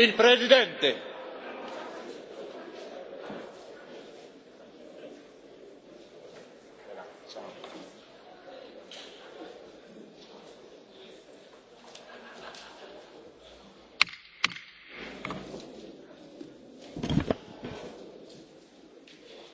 il presidente.